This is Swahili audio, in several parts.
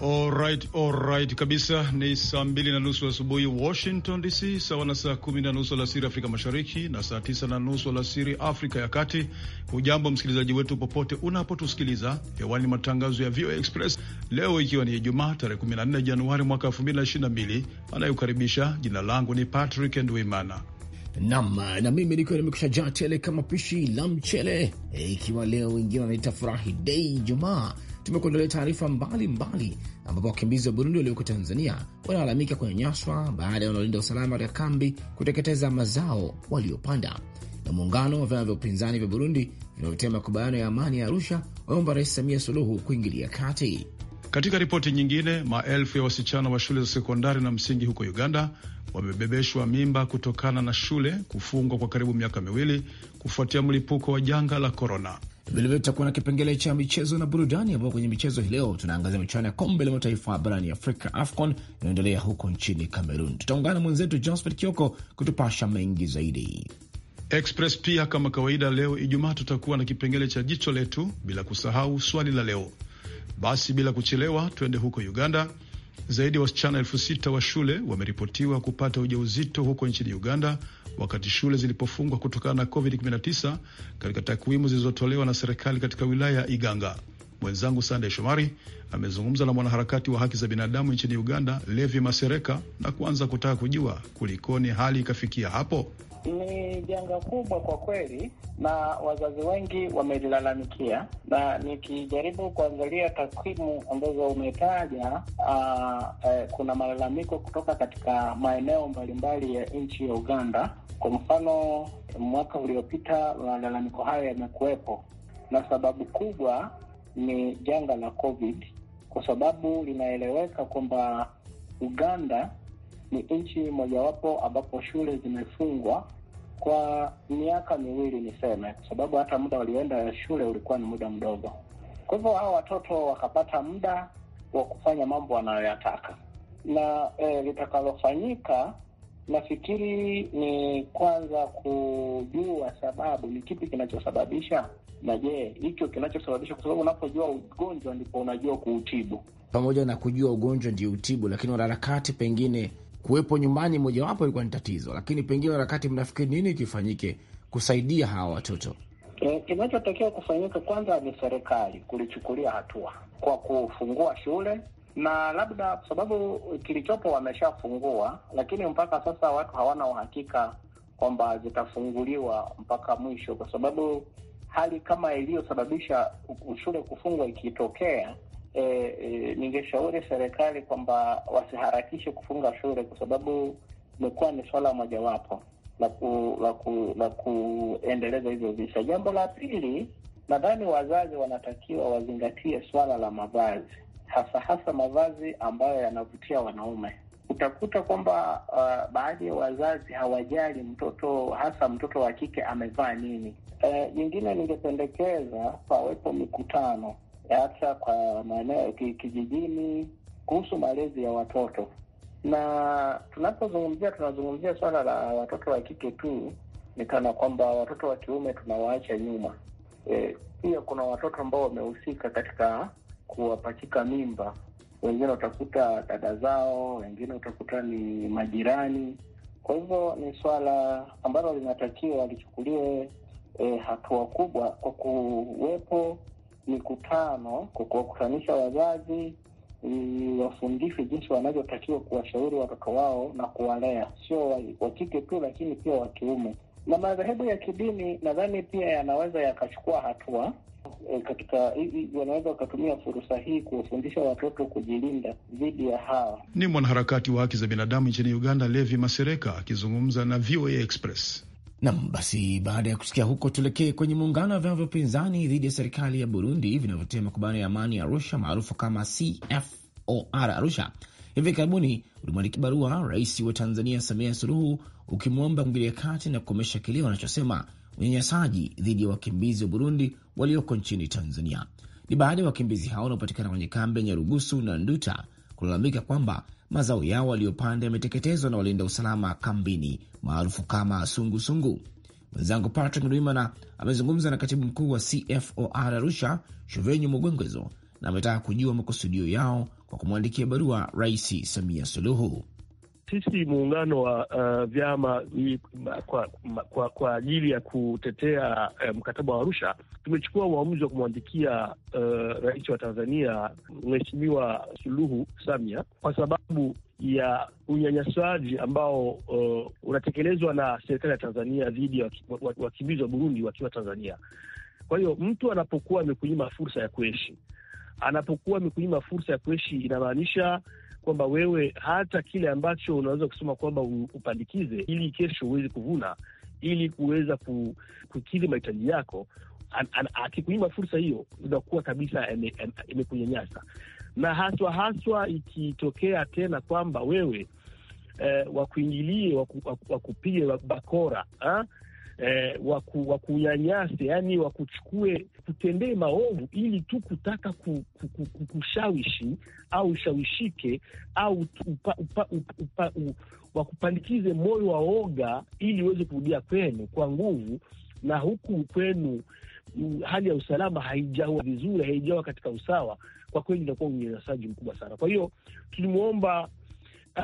Alright, alright kabisa. Ni saa mbili na nusu asubuhi wa Washington DC, sawa na saa kumi na nusu alasiri Afrika Mashariki na saa tisa na nusu alasiri Afrika ya Kati. Hujambo msikilizaji wetu popote unapotusikiliza hewani, matangazo ya VOA Express leo ikiwa ni Ijumaa tarehe 14 Januari mwaka 2022. Anayokaribisha jina langu ni Patrick Ndwimana nam na mimi nikiwa nimekusha jaa tele kama pishi la mchele, e, ikiwa leo wengine wanaita furahi dei Ijumaa tumekuondolea taarifa mbalimbali, ambapo wakimbizi wa Burundi walioko Tanzania wanalalamika kunyanyaswa baada ya wanaolinda usalama katika kambi kuteketeza mazao waliopanda. Na muungano wa vyama vya upinzani vya Burundi vinavyotia makubaliano ya amani ya Arusha wameomba Rais Samia Suluhu kuingilia kati. Katika ripoti nyingine, maelfu ya wasichana wa shule za sekondari na msingi huko Uganda wamebebeshwa mimba kutokana na shule kufungwa kwa karibu miaka miwili kufuatia mlipuko wa janga la korona. Vilevile tutakuwa na kipengele cha michezo na burudani, ambapo kwenye michezo hii leo tunaangazia michuano ya kombe la mataifa barani Afrika, AFCON, inaendelea huko nchini Cameroon. Tutaungana mwenzetu Josphat Kioko kutupasha mengi zaidi. Express pia kama kawaida, leo Ijumaa tutakuwa na kipengele cha jicho letu, bila kusahau swali la leo. Basi bila kuchelewa, tuende huko Uganda. Zaidi ya wasichana elfu sita wa shule wameripotiwa kupata ujauzito huko nchini Uganda wakati shule zilipofungwa kutokana na COVID-19 katika takwimu zilizotolewa na serikali katika wilaya ya Iganga. Mwenzangu Sandey Shomari amezungumza na mwanaharakati wa haki za binadamu nchini Uganda, Levi Masereka, na kuanza kutaka kujua kulikoni hali ikafikia hapo. Ni janga kubwa kwa kweli, na wazazi wengi wamelilalamikia, na nikijaribu kuangalia takwimu ambazo umetaja, uh, eh, kuna malalamiko kutoka katika maeneo mbalimbali ya nchi ya Uganda kwa mfano, mwaka uliopita malalamiko hayo yamekuwepo, na sababu kubwa ni janga la COVID, kwa sababu linaeleweka kwamba Uganda ni nchi mojawapo ambapo shule zimefungwa kwa miaka miwili niseme, kwa sababu hata muda walioenda shule ulikuwa ni muda mdogo. Kwa hivyo hawa watoto wakapata muda wa kufanya mambo wanayoyataka, na e, litakalofanyika Nafikiri ni kwanza kujua sababu ni kipi kinachosababisha, na je, hicho kinachosababisha, kwa sababu unapojua ugonjwa ndipo unajua kuutibu. Pamoja na kujua ugonjwa ndio utibu, lakini wanaharakati pengine kuwepo nyumbani mojawapo ilikuwa ni tatizo, lakini pengine wanaharakati, mnafikiri nini kifanyike kusaidia hawa watoto? E, eh, kinachotakiwa kufanyika kwanza ni serikali kulichukulia hatua kwa kufungua shule na labda kwa sababu kilichopo wameshafungua, lakini mpaka sasa watu hawana uhakika kwamba zitafunguliwa mpaka mwisho, kwa sababu hali kama iliyosababisha shule kufungwa ikitokea, e, e, ningeshauri serikali kwamba wasiharakishe kufunga shule, kwa sababu imekuwa ni swala mojawapo la ku, la ku, la kuendeleza hizo visa. Jambo la pili, nadhani wazazi wanatakiwa wazingatie swala la mavazi hasa hasa mavazi ambayo yanavutia wanaume. Utakuta kwamba uh, baadhi ya wazazi hawajali mtoto, hasa mtoto wa kike amevaa nini. Eh, nyingine uh, ningependekeza pawepo mikutano hata kwa maeneo kijijini kuhusu malezi ya watoto, na tunapozungumzia tunazungumzia swala la watoto wa kike tu, ni kana kwamba watoto wa kiume tunawaacha nyuma. Eh, pia kuna watoto ambao wamehusika katika kuwapachika mimba. Wengine utakuta dada zao, wengine utakuta ni majirani. Kwa hivyo ni swala ambalo linatakiwa lichukuliwe e, hatua kubwa kwa kuwepo mikutano kwa kuwakutanisha wazazi wafundishwe jinsi wanavyotakiwa kuwashauri watoto wao na kuwalea, sio wa kike tu, lakini pia wa kiume. Na madhehebu ya kidini nadhani pia yanaweza yakachukua hatua E, katika hivi wanaweza wakatumia fursa hii kuwafundisha watoto kujilinda dhidi ya hawa. Ni mwanaharakati wa haki za binadamu nchini Uganda, Levi Masereka akizungumza na VOA Express. Nam, basi baada ya kusikia huko, tuelekee kwenye muungano wa vyama vya upinzani dhidi ya serikali ya Burundi vinavyotia makubano ya amani ya Arusha maarufu kama CFOR Arusha. Hivi karibuni ulimwandikia barua rais wa Tanzania Samia Suluhu ukimwomba kuingilia kati na kukomesha kile wanachosema unyanyasaji dhidi ya wakimbizi wa Burundi walioko nchini Tanzania. Ni baada ya wakimbizi hao wanaopatikana kwenye kambi ya Nyarugusu na Nduta kulalamika kwamba mazao yao waliyopanda yameteketezwa na walinda usalama kambini maarufu kama sungusungu. Mwenzangu Patrick Ndwimana amezungumza na katibu mkuu wa CFOR Arusha, Shuvenyu Mugwengwezo, na ametaka kujua makusudio yao kwa kumwandikia barua Rais Samia Suluhu sisi muungano wa uh, vyama kwa, kwa, kwa ajili ya kutetea uh, mkataba wa Arusha tumechukua uamuzi wa kumwandikia uh, rais wa Tanzania Mheshimiwa Suluhu Samia kwa sababu ya unyanyasaji ambao uh, unatekelezwa na serikali ya Tanzania dhidi ya wakimbizi wa Burundi wakiwa Tanzania. Kwa hiyo mtu anapokuwa amekunyima fursa ya kuishi, anapokuwa amekunyima fursa ya kuishi, inamaanisha kwamba wewe hata kile ambacho unaweza kusema kwamba upandikize ili kesho uweze kuvuna ili kuweza kukidhi mahitaji yako, akikunyima fursa hiyo, unakuwa kabisa imekunyanyasa, na haswa haswa ikitokea tena kwamba wewe eh, wakuingilie, wakupige bakora ha? Ah, eh, waku, wakunyanyase yani wakuchukue kutendee maovu ili tu kutaka ku, ku, ku, ku, kushawishi au ushawishike au upa, upa, upa, upa, u, wakupandikize moyo wa oga ili uweze kurudia kwenu kwa nguvu, na huku kwenu hali ya usalama haijawa vizuri, haijawa katika usawa, kwa kweli inakuwa unyanyasaji mkubwa sana. Kwa hiyo tulimwomba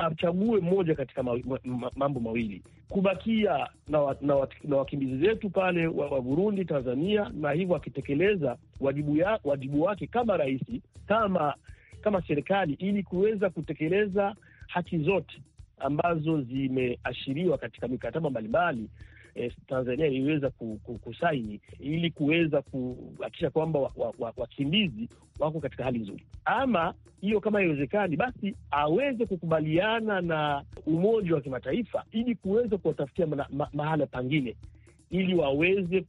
achague mmoja katika ma, ma, ma, mambo mawili: kubakia na, wa, na, wa, na wakimbizi zetu pale wa, wa Burundi, Tanzania, na hivyo akitekeleza wajibu, ya, wajibu wake kama rais, kama kama serikali, ili kuweza kutekeleza haki zote ambazo zimeashiriwa katika mikataba mbalimbali eh, Tanzania iliweza kusaini ili kuweza kuhakikisha kwamba wakimbizi wa, wa, wa wako katika hali nzuri. Ama hiyo kama haiwezekani, basi aweze kukubaliana na Umoja wa Kimataifa ili kuweza kuwatafutia ma, ma, mahala pangine ili waweze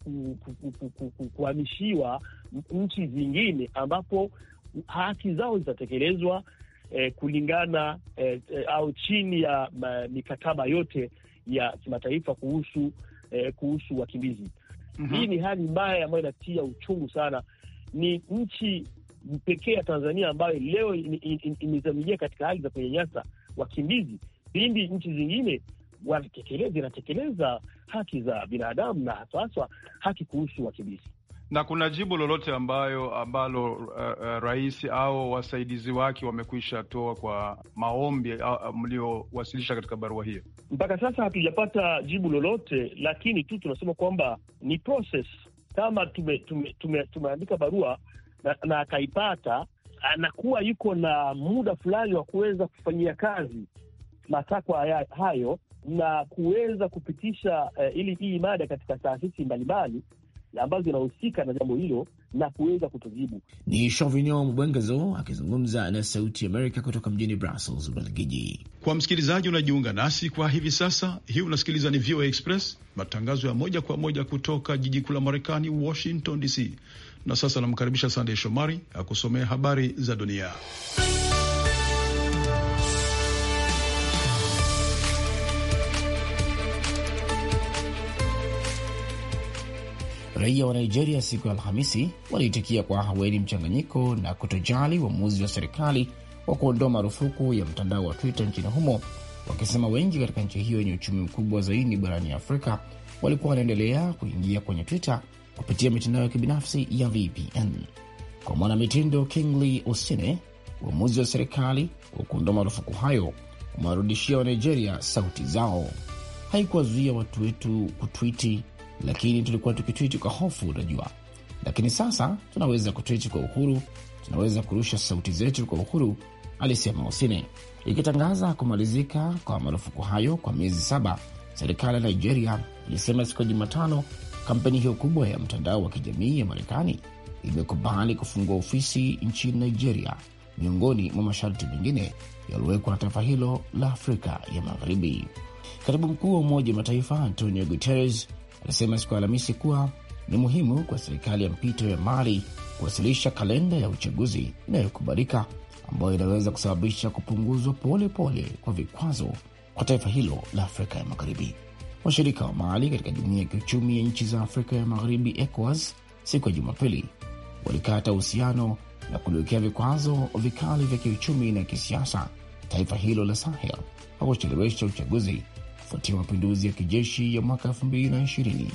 kuhamishiwa nchi zingine ambapo haki zao zitatekelezwa eh, kulingana eh, eh au chini ya mikataba yote ya kimataifa kuhusu eh, kuhusu wakimbizi. Mm -hmm. Hii ni hali mbaya ambayo inatia uchungu sana. Ni nchi pekee ya Tanzania ambayo leo imezamilia katika hali za kunyanyasa wakimbizi, pindi nchi zingine wanatekeleza, zinatekeleza haki za binadamu na haswa haki kuhusu wakimbizi na kuna jibu lolote ambayo ambalo uh, uh, rais au wasaidizi wake wamekwisha toa kwa maombi uh, mliowasilisha katika barua hiyo? Mpaka sasa hatujapata jibu lolote, lakini tu tunasema kwamba ni process kama tumeandika tume, tume, tume barua na, na akaipata anakuwa yuko na muda fulani wa kuweza kufanyia kazi matakwa hayo na kuweza kupitisha uh, ili hii mada katika taasisi mbalimbali ambazo zinahusika na jambo hilo na kuweza kutujibu. Ni Chauvignon Mbwengezo akizungumza na Sauti Amerika kutoka mjini Brussels, Ubelgiji. Kwa msikilizaji unajiunga nasi kwa hivi sasa, hii unasikiliza ni VOA Express, matangazo ya moja kwa moja kutoka jiji kuu la Marekani, Washington DC. Na sasa namkaribisha Sandey Shomari akusomea habari za dunia. Raia wa Nigeria siku ya Alhamisi waliitikia kwa haweni mchanganyiko na kutojali uamuzi wa, serikali wa kuondoa marufuku ya mtandao wa Twitter nchini humo, wakisema wengi katika nchi hiyo yenye uchumi mkubwa zaidi barani Afrika walikuwa wanaendelea kuingia kwenye Twitter kupitia mitandao ya kibinafsi ya VPN. Kwa mwanamitindo Kingly Osine, uamuzi wa serikali wa kuondoa marufuku hayo umewarudishia wa Nigeria sauti zao. Haikuwazuia watu wetu kutwiti lakini tulikuwa tukitwiti kwa hofu, unajua. Lakini sasa tunaweza kutwiti kwa uhuru, tunaweza kurusha sauti zetu kwa uhuru, alisema Osine. Ikitangaza kumalizika kwa marufuku hayo kwa miezi saba, serikali ya Nigeria ilisema siku ya Jumatano kampeni hiyo kubwa ya mtandao wa kijamii ya Marekani imekubali kufungua ofisi nchini Nigeria, miongoni mwa masharti mengine yaliowekwa na taifa hilo la Afrika ya Magharibi. Katibu mkuu wa Umoja wa Mataifa Antonio Guterres alisema siku ya Alhamisi kuwa ni muhimu kwa serikali ya mpito ya Mali kuwasilisha kalenda ya uchaguzi inayokubalika ambayo inaweza kusababisha kupunguzwa pole pole kwa vikwazo kwa taifa hilo la Afrika ya Magharibi. Washirika wa Mali katika jumuiya ya kiuchumi ya nchi za Afrika ya Magharibi, ECOWAS, siku ya Jumapili walikata uhusiano na kuliwekea vikwazo vikali vya kiuchumi na kisiasa taifa hilo la Sahel kwa kuchelewesha uchaguzi kufuatia mapinduzi ya kijeshi ya mwaka 2020.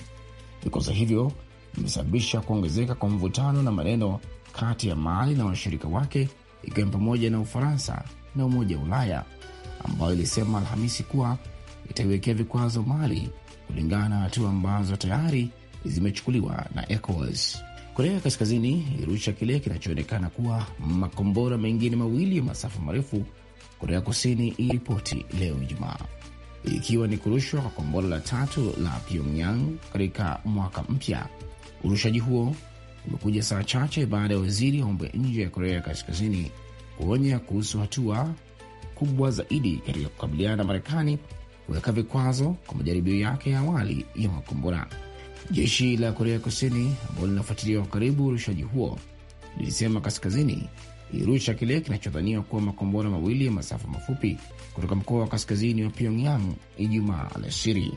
Vikosi hivyo vimesababisha kuongezeka kwa mvutano na maneno kati ya Mali na washirika wake ikiwa ni pamoja na Ufaransa na Umoja wa Ulaya ambayo ilisema Alhamisi kuwa itaiwekea vikwazo Mali kulingana na hatua ambazo tayari zimechukuliwa na ECOWAS. Korea Kaskazini ilirusha kile kinachoonekana kuwa makombora mengine mawili ya masafa marefu, Korea Kusini iliripoti leo Ijumaa ikiwa ni kurushwa kwa kombora la tatu la Pyongyang katika mwaka mpya. Urushaji huo umekuja saa chache baada ya waziri wa mambo ya nje ya Korea ya Kaskazini kuonya kuhusu hatua kubwa zaidi katika kukabiliana na Marekani kuweka vikwazo kwa majaribio yake ya awali ya makombora. Jeshi la Korea Kusini ambalo linafuatilia kwa karibu urushaji huo lilisema kaskazini ilirusha kile kinachodhaniwa kuwa makombora mawili ya masafa mafupi kutoka mkoa wa kaskazini wa Pyongyang Ijumaa alasiri.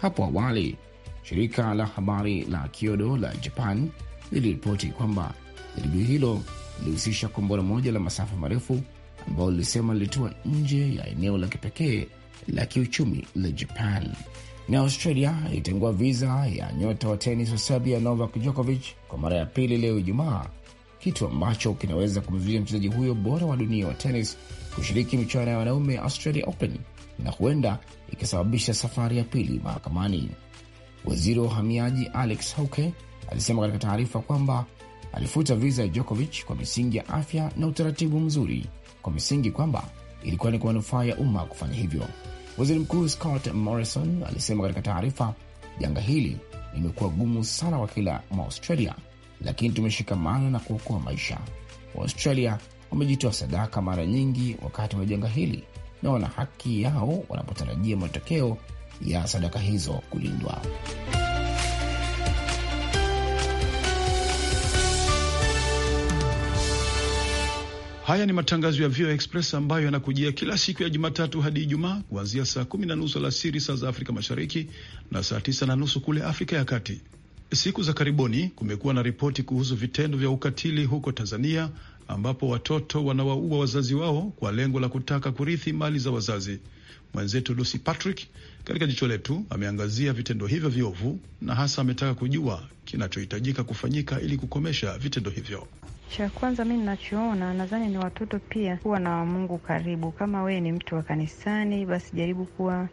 Hapo awali shirika la habari la Kyodo la Japan liliripoti kwamba jaribio hilo lilihusisha kombora moja la masafa marefu ambalo lilisema lilitua nje ya eneo la kipekee la kiuchumi la Japan. Na Australia ilitengua viza ya nyota wa tenis wa Serbia Novak Djokovic kwa mara ya pili leo Ijumaa kitu ambacho kinaweza kumzuia mchezaji huyo bora wa dunia wa tenis kushiriki michuano ya wanaume ya Australia Open na huenda ikisababisha safari ya pili mahakamani. Waziri wa uhamiaji Alex Hauke alisema katika taarifa kwamba alifuta viza ya Djokovic kwa misingi ya afya na utaratibu mzuri, kwa misingi kwamba ilikuwa ni kwa manufaa ya umma kufanya hivyo. Waziri Mkuu Scott Morrison alisema katika taarifa, janga hili limekuwa gumu sana kwa kila Mwaustralia lakini tumeshikamana na kuokoa maisha. Waaustralia wamejitoa sadaka mara nyingi wakati wa janga hili na wana haki yao wanapotarajia matokeo ya sadaka hizo kulindwa. Haya ni matangazo ya VOA Express ambayo yanakujia kila siku ya Jumatatu hadi Ijumaa kuanzia saa kumi na nusu alasiri saa za Afrika Mashariki na saa tisa na nusu kule Afrika ya Kati. Siku za karibuni kumekuwa na ripoti kuhusu vitendo vya ukatili huko Tanzania ambapo watoto wanawaua wazazi wao kwa lengo la kutaka kurithi mali za wazazi. Mwenzetu Lucy Patrick katika jicho letu ameangazia vitendo hivyo viovu na hasa ametaka kujua kinachohitajika kufanyika ili kukomesha vitendo hivyo. Cha kwanza mi ninachoona, nadhani ni watoto pia kuwa na Mungu karibu. Kama wewe ni mtu wa kanisani, basi jaribu kuwa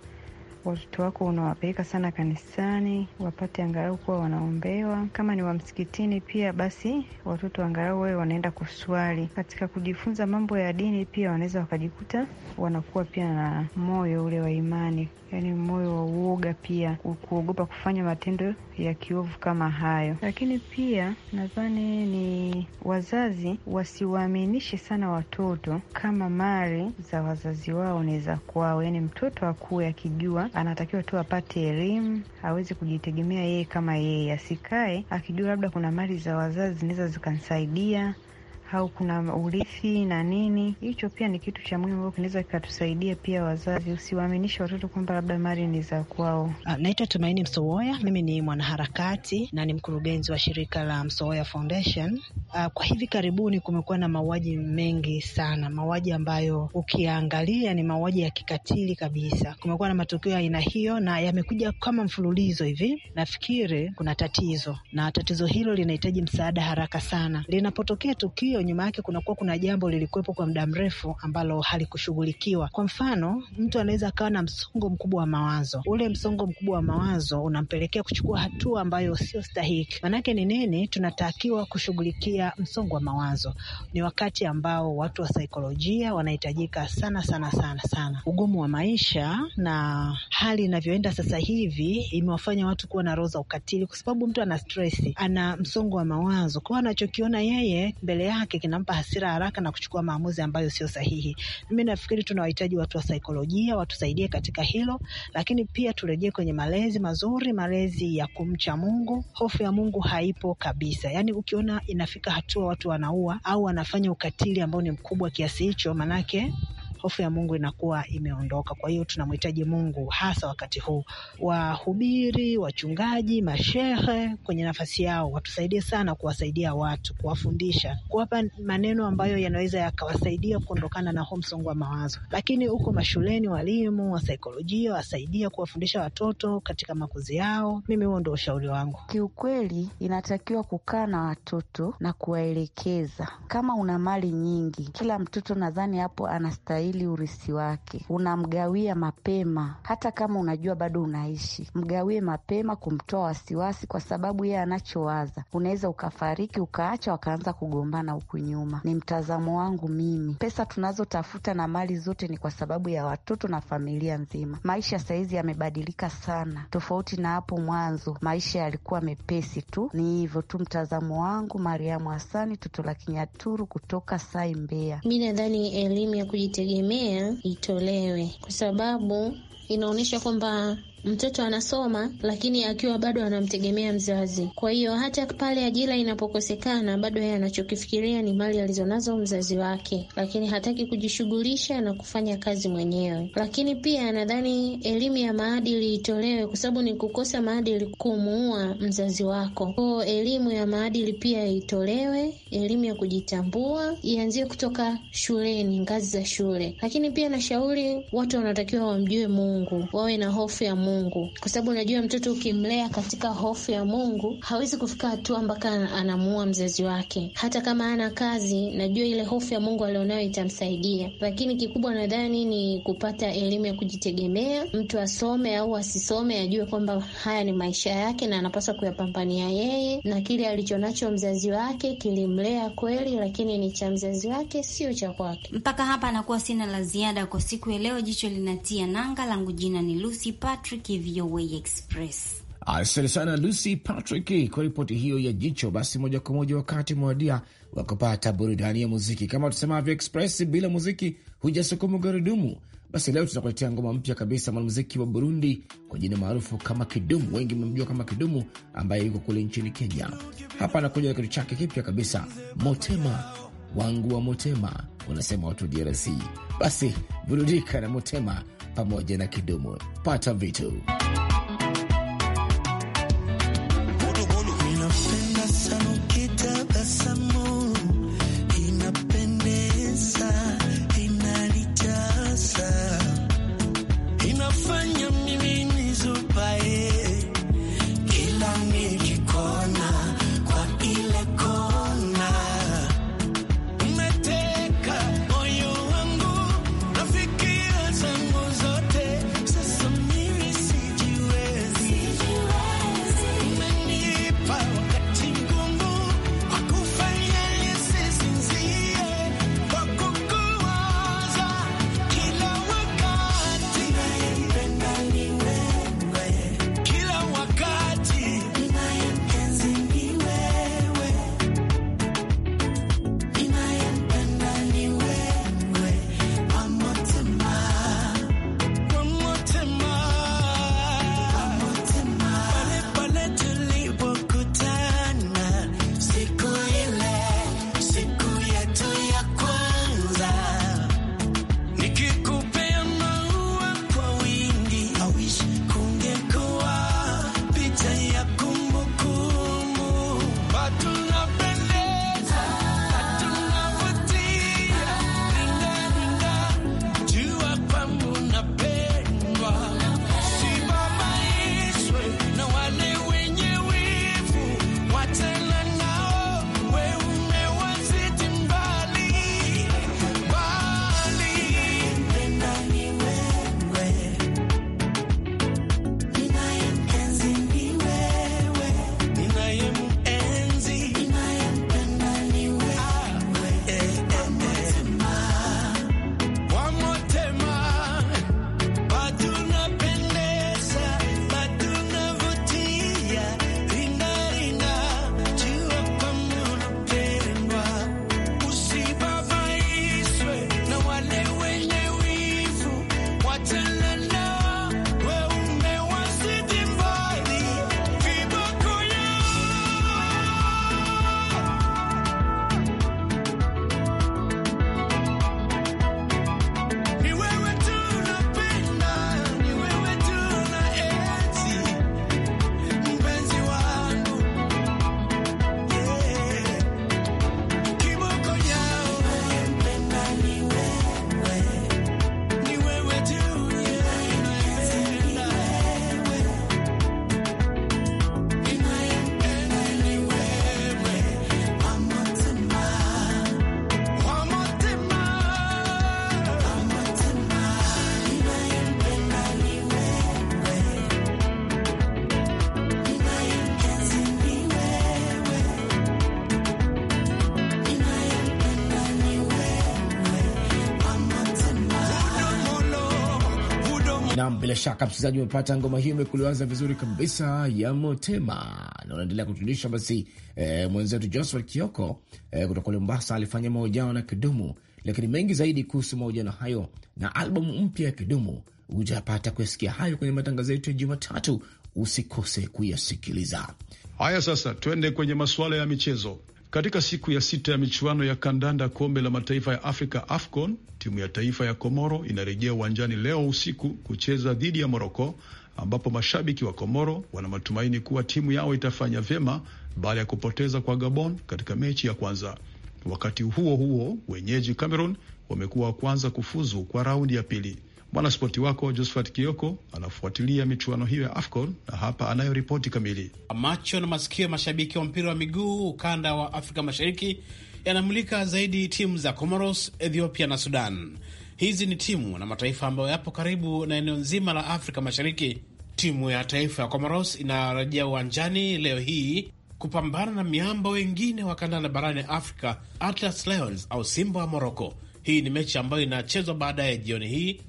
watoto wako unawapeleka sana kanisani wapate angalau kuwa wanaombewa. Kama ni wa msikitini pia basi watoto angalau wawe wanaenda kuswali. Katika kujifunza mambo ya dini pia wanaweza wakajikuta wanakuwa pia na moyo ule wa imani, yaani moyo wa uoga, pia kuogopa kufanya matendo ya kiovu kama hayo. Lakini pia nadhani ni wazazi wasiwaaminishe sana watoto kama mali za wazazi wao ni za kwao, yaani mtoto akuwe akijua anatakiwa tu apate elimu, aweze kujitegemea yeye kama yeye, asikae akijua labda kuna mali za wazazi zinaweza zikamsaidia au kuna urithi na nini. Hicho pia ni kitu cha muhimu ambao kinaweza kikatusaidia pia. Wazazi, usiwaaminishe watoto kwamba labda mali ni za kwao. Ah, naitwa Tumaini Msowoya, mimi ni mwanaharakati na ni mkurugenzi wa shirika la Msowoya Foundation. Ah, kwa hivi karibuni kumekuwa na mauaji mengi sana, mauaji ambayo ukiangalia ni mauaji ya kikatili kabisa. Kumekuwa na matukio ya aina hiyo na yamekuja kama mfululizo hivi. Nafikiri kuna tatizo na tatizo hilo linahitaji msaada haraka sana. Linapotokea tukio hilo nyuma yake kunakuwa kuna jambo lilikuwepo kwa muda mrefu ambalo halikushughulikiwa. Kwa mfano, mtu anaweza akawa na msongo mkubwa wa mawazo. Ule msongo mkubwa wa mawazo unampelekea kuchukua hatua ambayo sio stahiki. Maanake ni nini? Tunatakiwa kushughulikia msongo wa mawazo. Ni wakati ambao watu wa saikolojia wanahitajika sana sana sana sana. Ugumu wa maisha na hali inavyoenda sasa hivi imewafanya watu kuwa na roho za ukatili, kwa sababu mtu ana stresi, ana msongo wa mawazo, kwa anachokiona yeye mbele yake yake kinampa hasira haraka na kuchukua maamuzi ambayo sio sahihi. Mimi nafikiri tunawahitaji watu wa saikolojia watusaidie katika hilo, lakini pia turejee kwenye malezi mazuri, malezi ya kumcha Mungu. Hofu ya Mungu haipo kabisa. yaani ukiona inafika hatua watu wanaua au wanafanya ukatili ambao ni mkubwa kiasi hicho, manake hofu ya Mungu inakuwa imeondoka. Kwa hiyo tunamhitaji Mungu hasa wakati huu. Wahubiri, wachungaji, mashehe kwenye nafasi yao watusaidie sana kuwasaidia watu, kuwafundisha, kuwapa maneno ambayo yanaweza yakawasaidia kuondokana na msongo wa mawazo. Lakini huko mashuleni, walimu wa saikolojia wasaidia kuwafundisha watoto katika makuzi yao. Mimi huo ndio ushauri wangu. Kiukweli inatakiwa kukaa na watoto na kuwaelekeza. Kama una mali nyingi, kila mtoto nadhani hapo anastahili ili urithi wake unamgawia mapema, hata kama unajua bado unaishi, mgawie mapema, kumtoa wasiwasi, kwa sababu yeye anachowaza unaweza ukafariki ukaacha wakaanza kugombana huku nyuma. Ni mtazamo wangu mimi. Pesa tunazotafuta na mali zote ni kwa sababu ya watoto na familia nzima. Maisha sahizi yamebadilika sana, tofauti na hapo mwanzo. Maisha yalikuwa mepesi tu. Ni hivyo tu mtazamo wangu. Mariamu Hasani, Tuto la Kinyaturu kutoka Sai, Mbeya. Mi nadhani elimu ya kujitegemea mimea itolewe, kwa sababu inaonyesha kwamba mtoto anasoma, lakini akiwa bado anamtegemea mzazi. Kwa hiyo hata pale ajira inapokosekana, bado yeye anachokifikiria ni mali alizonazo mzazi wake, lakini hataki kujishughulisha na kufanya kazi mwenyewe. Lakini pia nadhani elimu ya maadili itolewe, kwa sababu ni kukosa maadili kumuua mzazi wako. Kwa elimu ya maadili pia itolewe, elimu ya kujitambua ianzie kutoka shuleni, ngazi za shule. Lakini pia nashauri watu wanatakiwa wamjue Mungu, wawe na hofu ya Mungu. Mungu, kwa sababu unajua mtoto ukimlea katika hofu ya Mungu hawezi kufika hatua mpaka anamuua mzazi wake. Hata kama ana kazi, najua ile hofu ya Mungu alionayo itamsaidia. Lakini kikubwa nadhani ni kupata elimu ya kujitegemea, mtu asome au asisome, ajue kwamba haya ni maisha yake na anapaswa kuyapambania yeye, na kile alichonacho mzazi wake kilimlea kweli, lakini ni cha mzazi wake, sio cha kwake. Mpaka hapa anakuwa sina la ziada kwa siku ya leo. Jicho linatia nanga, langu jina ni Lucy Patrick. Mashariki, VOA Express. Asante sana Lucy Patrick kwa ripoti hiyo ya jicho. Basi moja kwa moja wakati mwadia wa kupata burudani ya muziki. Kama tusemavyo Express, bila muziki hujasukumu gurudumu. Basi leo tunakuletea ngoma mpya kabisa, mwanamuziki wa Burundi kwa jina maarufu kama Kidumu, wengi mmemjua kama Kidumu, ambaye yuko kule nchini Kenya. Hapa anakuja na kitu chake kipya kabisa, Motema wangu wa Motema, wanasema watu DRC. Basi burudika na Motema pamoja na Kidumu. Pata vitu bila shaka msikilizaji, umepata ngoma hiyo, imekuliwaza vizuri kabisa ya Motema, na unaendelea kutunisha basi. Eh, mwenzetu Joshua Kioko eh, kutoka kule Mombasa alifanya mahojiano na Kidumu, lakini mengi zaidi kuhusu mahojiano hayo na albamu mpya ya Kidumu hujapata kuyasikia hayo kwenye matangazo yetu ya Jumatatu. Usikose kuyasikiliza haya. Sasa twende kwenye masuala ya michezo. Katika siku ya sita ya michuano ya kandanda kombe la mataifa ya Afrika AFCON, timu ya taifa ya Komoro inarejea uwanjani leo usiku kucheza dhidi ya Moroko, ambapo mashabiki wa Komoro wana matumaini kuwa timu yao itafanya vyema baada ya kupoteza kwa Gabon katika mechi ya kwanza. Wakati huo huo, wenyeji Cameroon wamekuwa wa kwanza kufuzu kwa raundi ya pili. Mwanaspoti wako Josephat Kioko anafuatilia michuano hiyo ya AFCON na hapa anayo ripoti kamili. Macho na masikio ya mashabiki wa mpira wa miguu ukanda wa Afrika Mashariki yanamulika zaidi timu za Comoros, Ethiopia na Sudan. Hizi ni timu na mataifa ambayo yapo karibu na eneo nzima la Afrika Mashariki. Timu ya taifa ya Comoros inarejea uwanjani leo hii kupambana na miamba wengine wa kandanda barani Afrika, Atlas Lions au Simba wa Moroko. Hii ni mechi ambayo inachezwa baadaye jioni hii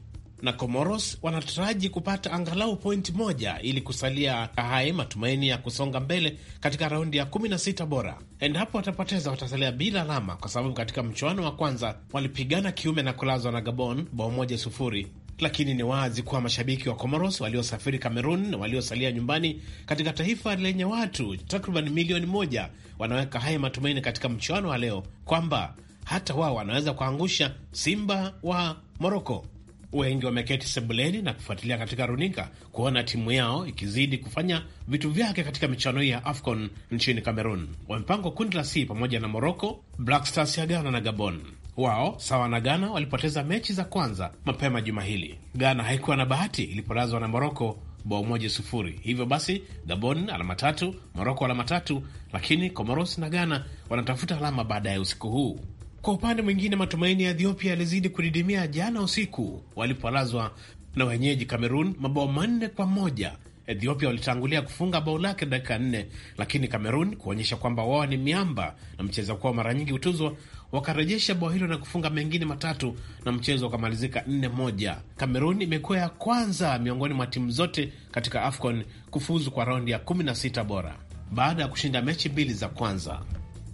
na Comoros wanataraji kupata angalau pointi moja ili kusalia hai matumaini ya kusonga mbele katika raundi ya 16 bora. Endapo watapoteza, watasalia bila alama, kwa sababu katika mchuano wa kwanza walipigana kiume na kulazwa na Gabon bao moja sufuri lakini ni wazi kuwa mashabiki wa Comoros waliosafiri Cameroon na waliosalia nyumbani katika taifa lenye watu takriban milioni moja wanaweka haya matumaini katika mchuano wa leo kwamba hata wao wanaweza kuangusha Simba wa Moroko. Wengi wameketi sebuleni na kufuatilia katika runinga kuona timu yao ikizidi kufanya vitu vyake katika michuano hii ya AFCON nchini Cameroon. Wamepangwa kundi la C pamoja na Morocco, Black Stars ya Ghana na Gabon. Wao sawa na Ghana walipoteza mechi za kwanza mapema juma hili. Ghana haikuwa na bahati ilipolazwa na Morocco bao moja sufuri. Hivyo basi Gabon alama tatu, Moroko alama tatu, lakini Comoros na Ghana wanatafuta alama baadaye usiku huu. Kwa upande mwingine, matumaini ya Ethiopia yalizidi kudidimia jana usiku walipolazwa na wenyeji Kamerun mabao manne kwa moja. Ethiopia walitangulia kufunga bao lake dakika nne, lakini Kamerun kuonyesha kwamba wao ni miamba na mchezo kwao mara nyingi hutuzwa, wakarejesha bao hilo na kufunga mengine matatu na mchezo ukamalizika nne moja. Kamerun imekuwa ya kwanza miongoni mwa timu zote katika AFCON kufuzu kwa raundi ya 16 bora baada ya kushinda mechi mbili za kwanza.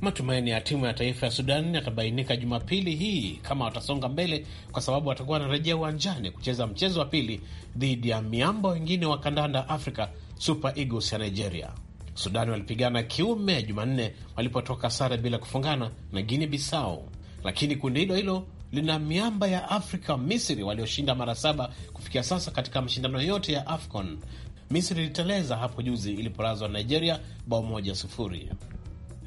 Matumaini ya timu ya taifa ya Sudan yatabainika Jumapili hii kama watasonga mbele, kwa sababu watakuwa wanarejea uwanjani kucheza mchezo wa pili dhidi ya miamba wengine wa kandanda africa Super Eagles ya Nigeria. Sudani walipigana kiume Jumanne walipotoka sare bila kufungana na Guinea Bissau, lakini kundi hilo hilo lina miamba ya Afrika, Misri, walioshinda mara saba kufikia sasa katika mashindano yote ya AFCON. Misri iliteleza hapo juzi iliporazwa Nigeria bao moja sufuri.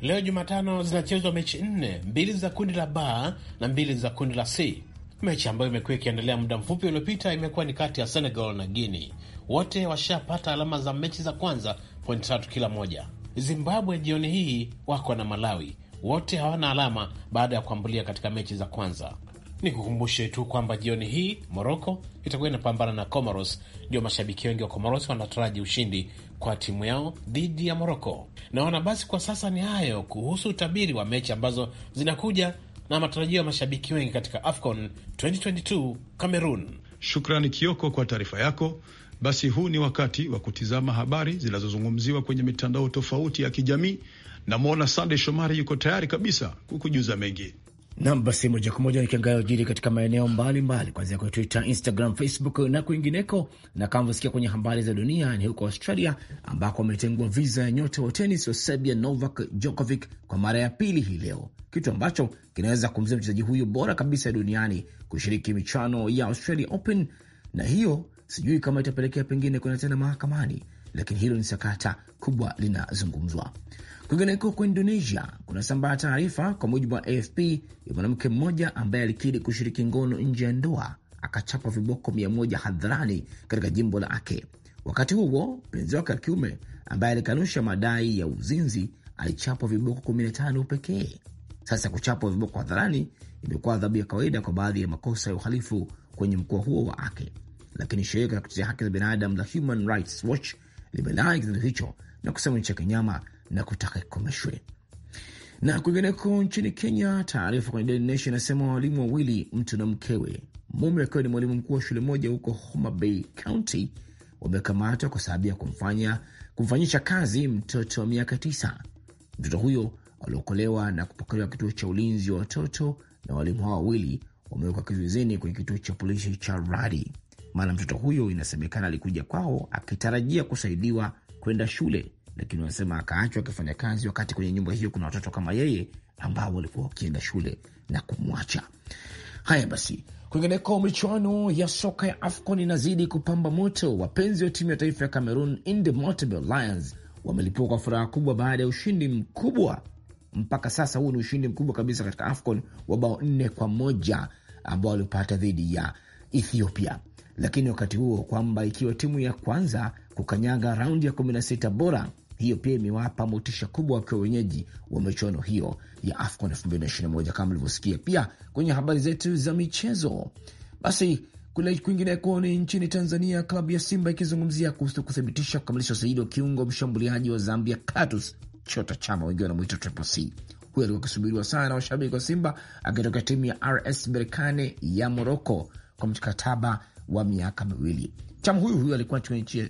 Leo Jumatano zinachezwa mechi nne, mbili za kundi la ba na mbili za kundi la C. Mechi ambayo imekuwa ikiendelea muda mfupi uliopita imekuwa ni kati ya Senegal na Guini. wote washapata alama za mechi za kwanza, pointi tatu kila moja. Zimbabwe jioni hii wako na Malawi, wote hawana alama baada ya kuambulia katika mechi za kwanza. Ni kukumbushe tu kwamba jioni hii Moroko itakuwa inapambana na Comoros, ndio mashabiki wengi wa Comoros wanataraji ushindi kwa timu yao dhidi ya Moroko. Naona basi kwa sasa ni hayo kuhusu utabiri wa mechi ambazo zinakuja na matarajio ya mashabiki wengi katika AFCON 2022 Cameroon. Shukrani Kioko kwa taarifa yako. Basi huu ni wakati wa kutizama habari zinazozungumziwa kwenye mitandao tofauti ya kijamii. Namwona sandey Shomari yuko tayari kabisa kukujuza mengi. Nam, basi moja kwa moja nikiangalia ujiri katika maeneo mbalimbali, kuanzia kwenye Twitter, Instagram, Facebook na kwingineko. Na kama mesikia kwenye habari za dunia, ni huko Australia ambako wametengua viza ya nyota wa tenis wa Serbia Novak Djokovic kwa mara ya pili hii leo, kitu ambacho kinaweza kumzia mchezaji huyu bora kabisa duniani kushiriki michano ya Australia Open, na hiyo sijui kama itapelekea pengine kwenda tena mahakamani, lakini hilo ni sakata kubwa linazungumzwa. Kwingineko kwa Indonesia kunasambaa taarifa, kwa mujibu wa AFP, ya mwanamke mmoja ambaye alikiri kushiriki ngono nje ya ndoa akachapa viboko mia moja hadharani katika jimbo la ake Wakati huo mpenzi wake wa kiume ambaye alikanusha madai ya uzinzi alichapwa viboko 15 pekee. Sasa kuchapwa viboko hadharani imekuwa adhabu ya kawaida kwa baadhi ya makosa ya uhalifu kwenye mkoa huo wa ake lakini shirika la kutetea haki za binadamu la Human Rights Watch limelaani kitendo hicho na kusema ni cha kinyama na kutaka ikomeshwe. Na kwingineko nchini Kenya, taarifa kwenye Daily Nation inasema walimu wawili, mtu na mkewe, mume akiwa ni mwalimu mkuu wa shule moja huko Homa Bay County, wamekamatwa kwa sababu ya kumfanya kumfanyisha kazi mtoto wa miaka tisa. Mtoto huyo aliokolewa na kupokelewa kituo cha ulinzi wa watoto, na walimu hao wawili wamewekwa kizuizini kwenye kituo cha polisi cha Radi, maana mtoto huyo inasemekana alikuja kwao akitarajia kusaidiwa kwenda shule lakini wanasema akaachwa akifanya kazi, wakati kwenye nyumba hiyo kuna watoto kama yeye ambao walikuwa wakienda shule na kumwacha. Haya basi, kwingineko, michuano ya soka ya AFCON inazidi kupamba moto. Wapenzi wa timu ya taifa ya Cameroon, Indomitable Lions, wamelipiwa kwa furaha kubwa baada ya ushindi mkubwa. Mpaka sasa huu ni ushindi mkubwa kabisa katika AFCON wa bao nne kwa moja ambao walipata dhidi ya Ethiopia lakini wakati huo kwamba ikiwa timu ya kwanza kukanyaga raundi ya 16 bora, hiyo pia imewapa motisha kubwa wakiwa wenyeji wa michuano hiyo ya AFCON 2021 kama mlivyosikia pia kwenye habari zetu za michezo. Basi kule kwingineko ni nchini Tanzania, klabu ya Simba ikizungumzia kuhusu kuthibitisha kukamilisha usaidi wa kiungo mshambuliaji wa Zambia Katus Chota Chama, wengi wanamwita Triple C. Huyu alikuwa akisubiriwa sana na washabiki wa Simba akitokea timu ya RS Berkane ya Moroko kwa mkataba wa miaka miwili. Cham huyu huyu alikuwa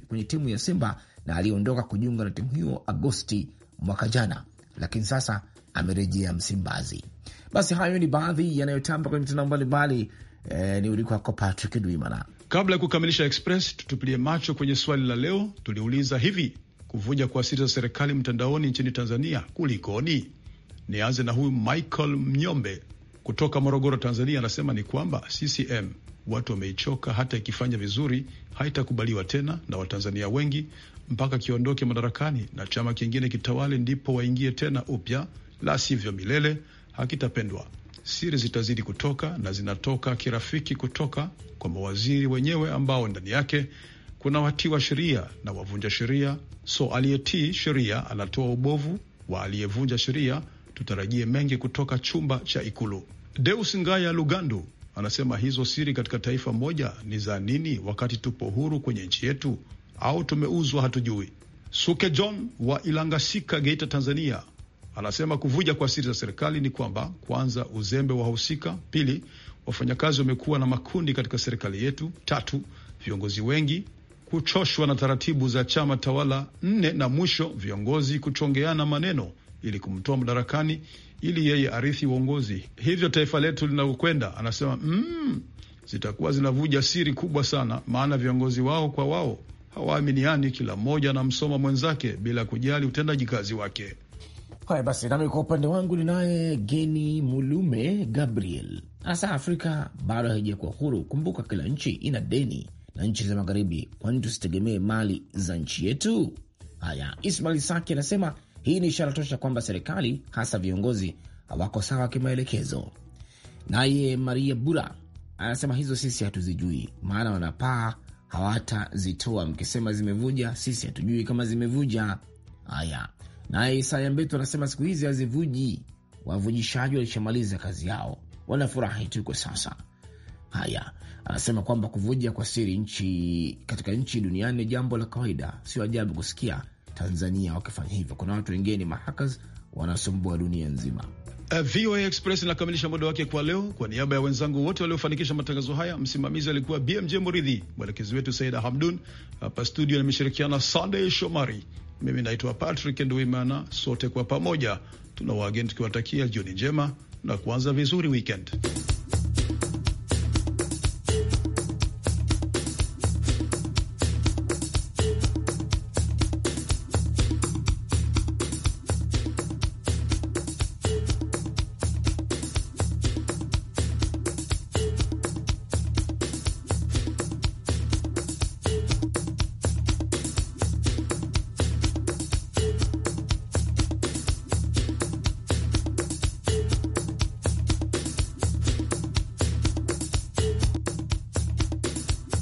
kwenye timu ya Simba na aliondoka kujiunga na timu hiyo Agosti mwaka jana, lakini sasa amerejea Msimbazi. Basi hayo ni baadhi yanayotamba kwenye mitandao mbalimbali. E, ni uliko wako Patrick Dwimana. Kabla ya kukamilisha Express, tutupilie macho kwenye swali la leo. Tuliuliza hivi, kuvuja kwa siri za serikali mtandaoni nchini Tanzania kulikoni? Nianze na huyu Michael Mnyombe kutoka Morogoro, Tanzania, anasema ni kwamba CCM watu wameichoka, hata ikifanya vizuri haitakubaliwa tena na Watanzania wengi mpaka kiondoke madarakani na chama kingine kitawale, ndipo waingie tena upya, la sivyo milele hakitapendwa. Siri zitazidi kutoka na zinatoka kirafiki kutoka kwa mawaziri wenyewe ambao ndani yake kuna watii wa sheria na wavunja sheria. So aliyetii sheria anatoa ubovu wa aliyevunja sheria. Tutarajie mengi kutoka chumba cha Ikulu. Deus Ngaya Lugandu Anasema hizo siri katika taifa moja ni za nini, wakati tupo huru kwenye nchi yetu? Au tumeuzwa? Hatujui. Suke John wa Ilangasika, Geita, Tanzania, anasema kuvuja kwa siri za serikali ni kwamba kwanza, uzembe wa wahusika; pili, wafanyakazi wamekuwa na makundi katika serikali yetu; tatu, viongozi wengi kuchoshwa na taratibu za chama tawala; nne na mwisho, viongozi kuchongeana maneno ili kumtoa madarakani ili yeye arithi uongozi. Hivyo taifa letu linavyokwenda, anasema mm, zitakuwa zinavuja siri kubwa sana, maana viongozi wao kwa wao hawaaminiani, kila mmoja anamsoma mwenzake bila kujali utendaji kazi wake. Haya basi, nami kwa upande wangu ninaye Geni Mulume Gabriel. Hasa Afrika bado haijakuwa huru. Kumbuka kila nchi ina deni na nchi za Magharibi, kwani tusitegemee mali za nchi yetu? Haya, Ismail Saki anasema hii ni ishara tosha kwamba serikali hasa viongozi hawako sawa kimaelekezo. Naye Maria Bura anasema hizo sisi hatuzijui, maana wanapaa hawatazitoa. Mkisema zimevuja, sisi hatujui kama zimevuja. Haya, naye Isaya Mbetu anasema siku hizi hazivuji, wavujishaji walishamaliza kazi yao, wanafurahi tu kwa sasa. Haya, anasema kwamba kuvuja kwa siri nchi katika nchi duniani ni jambo la kawaida, sio ajabu kusikia Tanzania wakifanya hivyo. Kuna watu wengine ni mahakas wanasumbua dunia nzima. Uh, VOA Express inakamilisha muda wake kwa leo. Kwa niaba ya wenzangu wote waliofanikisha matangazo haya, msimamizi alikuwa BMJ Muridhi, mwelekezi wetu Saida Hamdun, hapa studio nimeshirikiana Sunday Shomari, mimi naitwa Patrick Nduimana. Sote kwa pamoja tuna waageni tukiwatakia jioni njema na kuanza vizuri weekend.